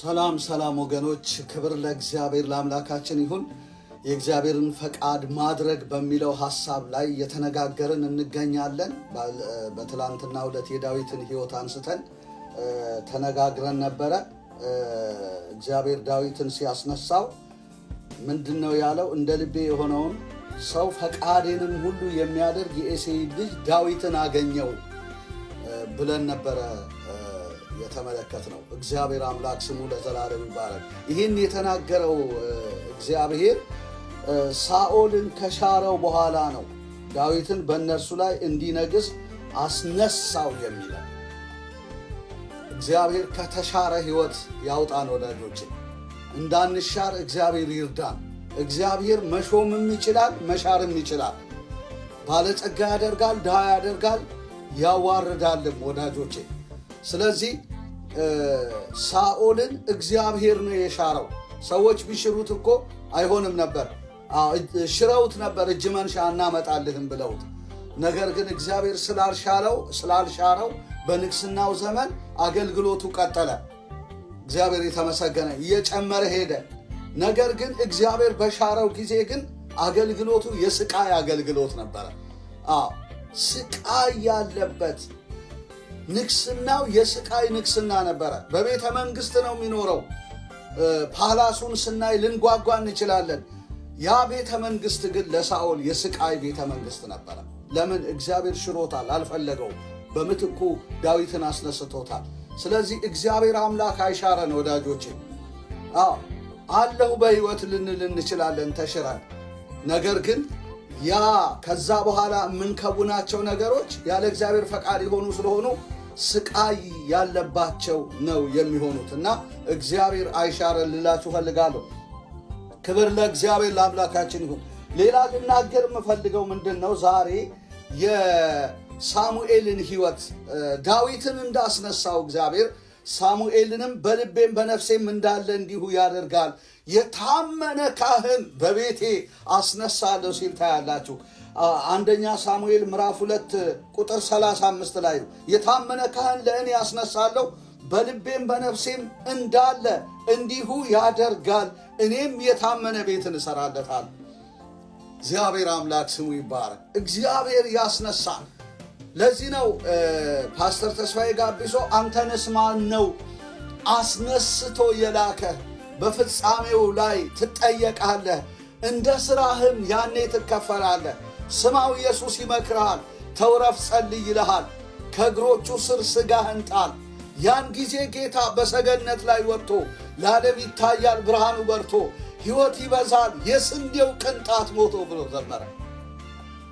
ሰላም ሰላም ወገኖች፣ ክብር ለእግዚአብሔር ለአምላካችን ይሁን። የእግዚአብሔርን ፈቃድ ማድረግ በሚለው ሐሳብ ላይ የተነጋገርን እንገኛለን። በትላንትና ሁለት የዳዊትን ሕይወት አንስተን ተነጋግረን ነበረ። እግዚአብሔር ዳዊትን ሲያስነሳው ምንድን ነው ያለው? እንደ ልቤ የሆነውን ሰው ፈቃዴንም ሁሉ የሚያደርግ የእሴይ ልጅ ዳዊትን አገኘው ብለን ነበረ የተመለከት ነው። እግዚአብሔር አምላክ ስሙ ለዘላለም ይባላል። ይህን የተናገረው እግዚአብሔር ሳኦልን ከሻረው በኋላ ነው። ዳዊትን በእነርሱ ላይ እንዲነግስ አስነሳው የሚለ እግዚአብሔር ከተሻረ ሕይወት ያውጣን። ወዳጆች እንዳንሻር እግዚአብሔር ይርዳን። እግዚአብሔር መሾምም ይችላል፣ መሻርም ይችላል። ባለጸጋ ያደርጋል፣ ድሃ ያደርጋል፣ ያዋርዳልም ወዳጆቼ። ስለዚህ ሳኦልን እግዚአብሔር ነው የሻረው። ሰዎች ቢሽሩት እኮ አይሆንም ነበር። ሽረውት ነበር እጅ መንሻ እናመጣልህም ብለውት። ነገር ግን እግዚአብሔር ስላልሻለው ስላልሻረው በንግስናው ዘመን አገልግሎቱ ቀጠለ። እግዚአብሔር የተመሰገነ እየጨመረ ሄደ። ነገር ግን እግዚአብሔር በሻረው ጊዜ ግን አገልግሎቱ የስቃይ አገልግሎት ነበረ። ስቃይ ያለበት ንግስናው የስቃይ ንግስና ነበረ። በቤተ መንግስት ነው የሚኖረው። ፓላሱን ስናይ ልንጓጓ እንችላለን። ያ ቤተ መንግስት ግን ለሳኦል የስቃይ ቤተ መንግስት ነበረ። ለምን? እግዚአብሔር ሽሮታል፣ አልፈለገው በምትኩ ዳዊትን አስነስቶታል። ስለዚህ እግዚአብሔር አምላክ አይሻረን ወዳጆቼ። አዎ አለሁ በሕይወት ልንል እንችላለን ተሽረን ነገር ግን ያ ከዛ በኋላ የምንከውናቸው ነገሮች ያለ እግዚአብሔር ፈቃድ የሆኑ ስለሆኑ ስቃይ ያለባቸው ነው የሚሆኑት እና እግዚአብሔር አይሻረ ልላችሁ ፈልጋለሁ። ክብር ለእግዚአብሔር ለአምላካችን ይሁን። ሌላ ልናገር የምፈልገው ምንድን ነው? ዛሬ የሳሙኤልን ሕይወት ዳዊትን እንዳስነሳው እግዚአብሔር ሳሙኤልንም በልቤም በነፍሴም እንዳለ እንዲሁ ያደርጋል፣ የታመነ ካህን በቤቴ አስነሳለሁ ሲል ታያላችሁ። አንደኛ ሳሙኤል ምዕራፍ ሁለት ቁጥር 35 ላይ የታመነ ካህን ለእኔ አስነሳለሁ፣ በልቤም በነፍሴም እንዳለ እንዲሁ ያደርጋል፣ እኔም የታመነ ቤትን እሰራለታል። እግዚአብሔር አምላክ ስሙ ይባረክ። እግዚአብሔር ያስነሳል። ለዚህ ነው ፓስተር ተስፋዬ ጋቢሶ አንተንስ ማን ነው አስነስቶ የላከ በፍጻሜው ላይ ትጠየቃለህ፣ እንደ ሥራህም ያኔ ትከፈላለህ። ስማው ኢየሱስ ይመክርሃል፣ ተውረፍ ጸልይ ይልሃል፣ ከእግሮቹ ስር ሥጋህን ጣል። ያን ጊዜ ጌታ በሰገነት ላይ ወጥቶ ለዓለም ይታያል፣ ብርሃኑ በርቶ ሕይወት ይበዛል፣ የስንዴው ቅንጣት ሞቶ ብሎ ዘመረ።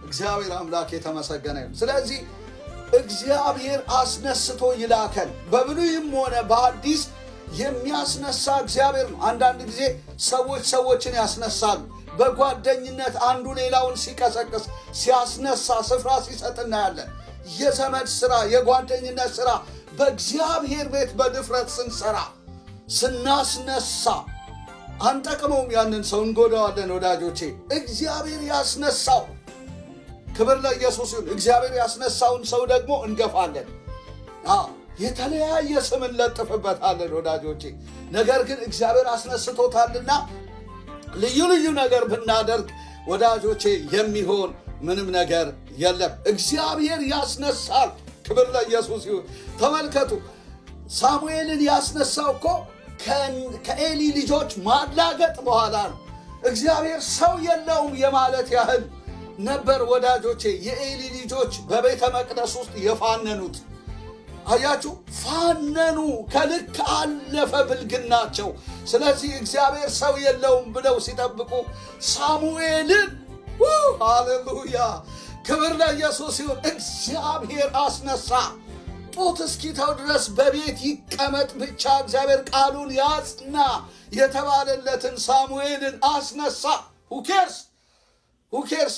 እግዚአብሔር አምላክ የተመሰገነ ስለዚህ እግዚአብሔር አስነስቶ ይላከን። በብሉይም ሆነ በአዲስ የሚያስነሳ እግዚአብሔር ነው። አንዳንድ ጊዜ ሰዎች ሰዎችን ያስነሳሉ። በጓደኝነት አንዱ ሌላውን ሲቀሰቅስ፣ ሲያስነሳ፣ ስፍራ ሲሰጥ እናያለን። የዘመድ ስራ የጓደኝነት ስራ በእግዚአብሔር ቤት በድፍረት ስንሰራ ስናስነሳ አንጠቅመውም። ያንን ሰው እንጎዳዋለን። ወዳጆቼ እግዚአብሔር ያስነሳው ክብር ለኢየሱስ ይሁን። እግዚአብሔር ያስነሳውን ሰው ደግሞ እንገፋለን። የተለያየ ስም እንለጥፍበታለን ወዳጆቼ። ነገር ግን እግዚአብሔር አስነስቶታልና ልዩ ልዩ ነገር ብናደርግ ወዳጆቼ የሚሆን ምንም ነገር የለም። እግዚአብሔር ያስነሳል። ክብር ለኢየሱስ ይሁን። ተመልከቱ፣ ሳሙኤልን ያስነሳው እኮ ከኤሊ ልጆች ማላገጥ በኋላ ነው። እግዚአብሔር ሰው የለውም የማለት ያህል ነበር ወዳጆቼ የኤሊ ልጆች በቤተ መቅደስ ውስጥ የፋነኑት። አያችሁ፣ ፋነኑ። ከልክ አለፈ ብልግናቸው። ስለዚህ እግዚአብሔር ሰው የለውም ብለው ሲጠብቁ ሳሙኤልን፣ ሃሌሉያ፣ ክብር ለኢየሱስ ይሁን፣ እግዚአብሔር አስነሳ። ጡት እስኪተው ድረስ በቤት ይቀመጥ ብቻ እግዚአብሔር ቃሉን ያጽና የተባለለትን ሳሙኤልን አስነሳ። ሁኬርስ ሁኬርስ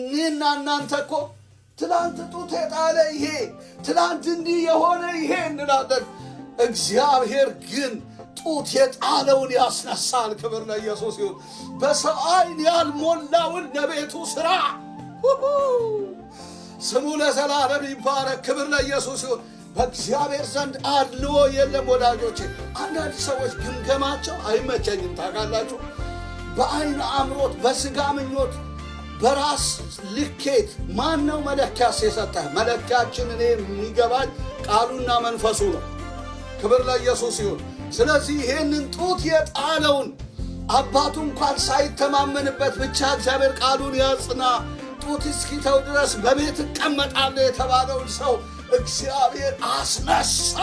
እኔና እናንተ እኮ ትላንት ጡት የጣለ ይሄ፣ ትላንት እንዲህ የሆነ ይሄ እንላለን። እግዚአብሔር ግን ጡት የጣለውን ያስነሳል። ክብር ለኢየሱስ ይሁን። በሰው ዓይን ያልሞላውን ለቤቱ ሥራ ስሙ ለዘላለም ይባረክ። ክብር ለኢየሱስ ይሁን። በእግዚአብሔር ዘንድ አድልዎ የለም ወዳጆቼ። አንዳንድ ሰዎች ግምገማቸው አይመቸኝም ታውቃላችሁ። በአይን አምሮት በሥጋ ምኞት በራስ ልኬት ማን ነው መለኪያስ የሰጠህ? መለኪያችን እኔ የሚገባኝ ቃሉና መንፈሱ ነው። ክብር ለኢየሱስ ይሁን። ስለዚህ ይህንን ጡት የጣለውን አባቱ እንኳን ሳይተማመንበት ብቻ እግዚአብሔር ቃሉን ያጽና፣ ጡት እስኪተው ድረስ በቤት እቀመጣለሁ የተባለውን ሰው እግዚአብሔር አስነሳ።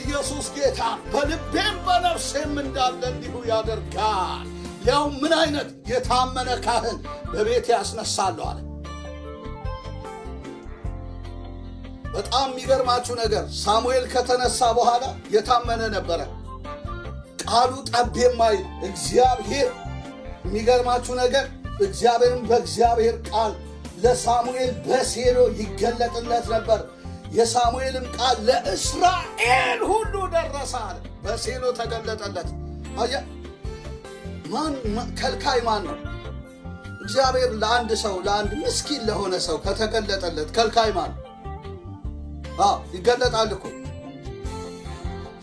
ኢየሱስ ጌታ በልቤም በነፍሴም እንዳለ እንዲሁ ያደርጋል። ያው ምን አይነት የታመነ ካህን በቤት ያስነሳሉ አለ። በጣም የሚገርማችሁ ነገር ሳሙኤል ከተነሳ በኋላ የታመነ ነበረ። ቃሉ ጠብ የማይ እግዚአብሔር የሚገርማችሁ ነገር እግዚአብሔርን በእግዚአብሔር ቃል ለሳሙኤል በሴሎ ይገለጥለት ነበር። የሳሙኤልም ቃል ለእስራኤል ሁሉ ደረሰ አለ። በሴሎ ተገለጠለት። ከልካይ ማን ነው? እግዚአብሔር ለአንድ ሰው ለአንድ ምስኪን ለሆነ ሰው ከተገለጠለት ከልካይ ማን ነው? ይገለጣል እኮ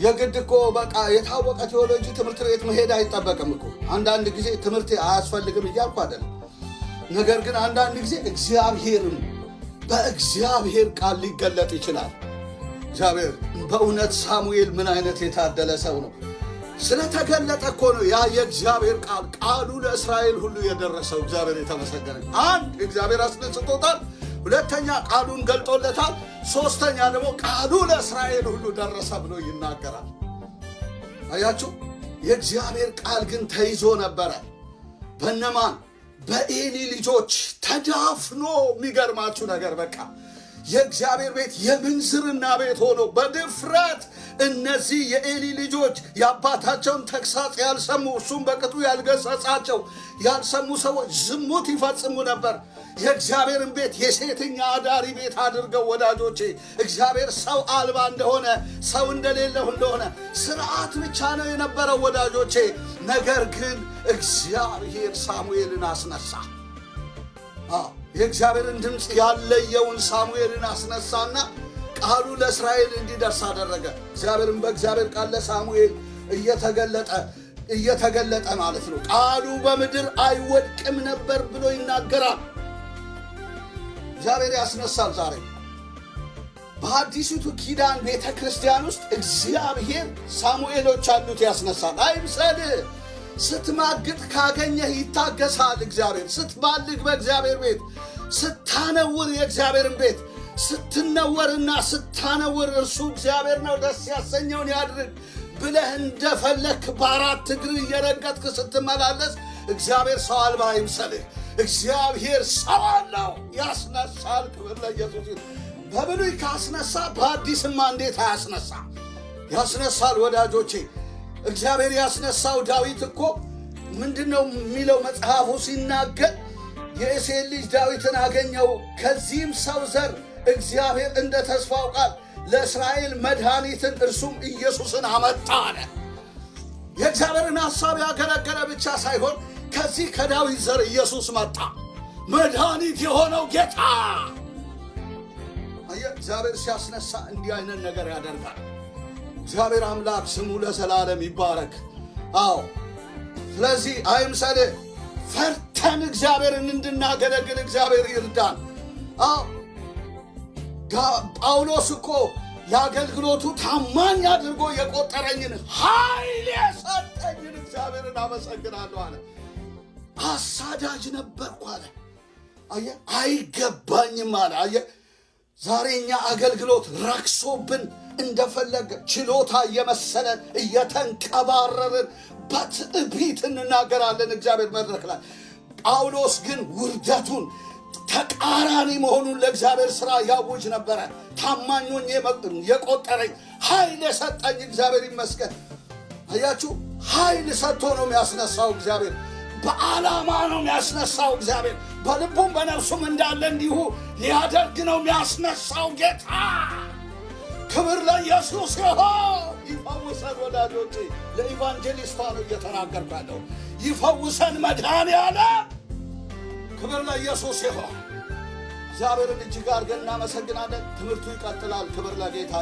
የግድ እኮ በቃ የታወቀ ቴዎሎጂ ትምህርት ቤት መሄድ አይጠበቅም እኮ። አንዳንድ ጊዜ ትምህርት አያስፈልግም እያልኩ አይደለም። ነገር ግን አንዳንድ ጊዜ እግዚአብሔርን በእግዚአብሔር ቃል ሊገለጥ ይችላል። እግዚአብሔር በእውነት ሳሙኤል ምን አይነት የታደለ ሰው ነው! ስለተገለጠ እኮ ነው ያ የእግዚአብሔር ቃል ቃሉ ለእስራኤል ሁሉ የደረሰው። እግዚአብሔር የተመሰገነ። አንድ እግዚአብሔር አስነስቶታል፣ ሁለተኛ ቃሉን ገልጦለታል፣ ሶስተኛ ደግሞ ቃሉ ለእስራኤል ሁሉ ደረሰ ብሎ ይናገራል። አያችሁ፣ የእግዚአብሔር ቃል ግን ተይዞ ነበረ በነማን በኤሊ ልጆች ተዳፍኖ። የሚገርማችሁ ነገር በቃ የእግዚአብሔር ቤት የምንዝርና ቤት ሆኖ በድፍረት እነዚህ የኤሊ ልጆች የአባታቸውን ተግሳጽ ያልሰሙ እሱም በቅጡ ያልገሰጻቸው ያልሰሙ ሰዎች ዝሙት ይፈጽሙ ነበር። የእግዚአብሔርን ቤት የሴተኛ አዳሪ ቤት አድርገው ወዳጆቼ፣ እግዚአብሔር ሰው አልባ እንደሆነ ሰው እንደሌለው እንደሆነ ስርዓት ብቻ ነው የነበረው ወዳጆቼ። ነገር ግን እግዚአብሔር ሳሙኤልን አስነሳ። የእግዚአብሔርን ድምፅ ያለየውን ሳሙኤልን አስነሳና ቃሉ ለእስራኤል እንዲደርስ አደረገ። እግዚአብሔርን በእግዚአብሔር ቃል ለሳሙኤል እየተገለጠ እየተገለጠ ማለት ነው። ቃሉ በምድር አይወድቅም ነበር ብሎ ይናገራል። እግዚአብሔር ያስነሳል። ዛሬ በአዲሲቱ ኪዳን ቤተ ክርስቲያን ውስጥ እግዚአብሔር ሳሙኤሎች አሉት። ያስነሳል አይምሰልህ ስትማግጥ ካገኘህ ይታገሳል እግዚአብሔር። ስትባልግ በእግዚአብሔር ቤት ስታነውር የእግዚአብሔርን ቤት ስትነወርና ስታነውር እርሱ እግዚአብሔር ነው ደስ ያሰኘውን ያድርግ ብለህ እንደፈለክ በአራት እግር እየረገጥክ ስትመላለስ እግዚአብሔር ሰው አልባ ይምሰልህ። እግዚአብሔር ሰው አለው ያስነሳል። ክብር ለኢየሱስ። በብሉይ ካስነሳ በአዲስማ እንዴት አያስነሳ? ያስነሳል ወዳጆቼ እግዚአብሔር ያስነሳው ዳዊት እኮ ምንድን ነው የሚለው መጽሐፉ ሲናገር የእሴይ ልጅ ዳዊትን አገኘው፣ ከዚህም ሰው ዘር እግዚአብሔር እንደ ተስፋው ቃል ለእስራኤል መድኃኒትን እርሱም ኢየሱስን አመጣ አለ። የእግዚአብሔርን ሐሳብ ያገለገለ ብቻ ሳይሆን ከዚህ ከዳዊት ዘር ኢየሱስ መጣ፣ መድኃኒት የሆነው ጌታ። እግዚአብሔር ሲያስነሳ እንዲህ አይነት ነገር ያደርጋል። እግዚአብሔር አምላክ ስሙ ለዘላለም ይባረክ። አዎ ስለዚህ አይምሰልህ፣ ፈርተን እግዚአብሔርን እንድናገለግል እግዚአብሔር ይርዳን። አዎ ጳውሎስ እኮ ለአገልግሎቱ ታማኝ አድርጎ የቆጠረኝን ኃይል የሰጠኝን እግዚአብሔርን አመሰግናለሁ አለ። አሳዳጅ ነበርኩ አለ። አየ አይገባኝም አለ። አየ ዛሬ እኛ አገልግሎት ረክሶብን እንደፈለገ ችሎታ እየመሰለን እየተንቀባረርን በትዕቢት እንናገራለን እግዚአብሔር መድረክ ላይ። ጳውሎስ ግን ውርደቱን ተቃራኒ መሆኑን ለእግዚአብሔር ስራ ያውጅ ነበረ። ታማኞኝ የቆጠረኝ ኃይል የሰጠኝ እግዚአብሔር ይመስገን። አያችሁ፣ ኃይል ሰጥቶ ነው የሚያስነሳው እግዚአብሔር። በዓላማ ነው የሚያስነሳው እግዚአብሔር። በልቡም በነፍሱም እንዳለ እንዲሁ ሊያደርግ ነው የሚያስነሳው ጌታ ክብር ላይ ኢየሱስ ይፈውሰን። ወዳጆቼ ለኢቫንጀሊስቷ ነው እየተናገርኩ ያለው። ይፈውሰን መድኃኔ ዓለም። ክብር ላይ ኢየሱስ ይሆን። እግዚአብሔርን እጅግ አድርገን እናመሰግናለን። ትምህርቱ ይቀጥላል። ክብር ለጌታ።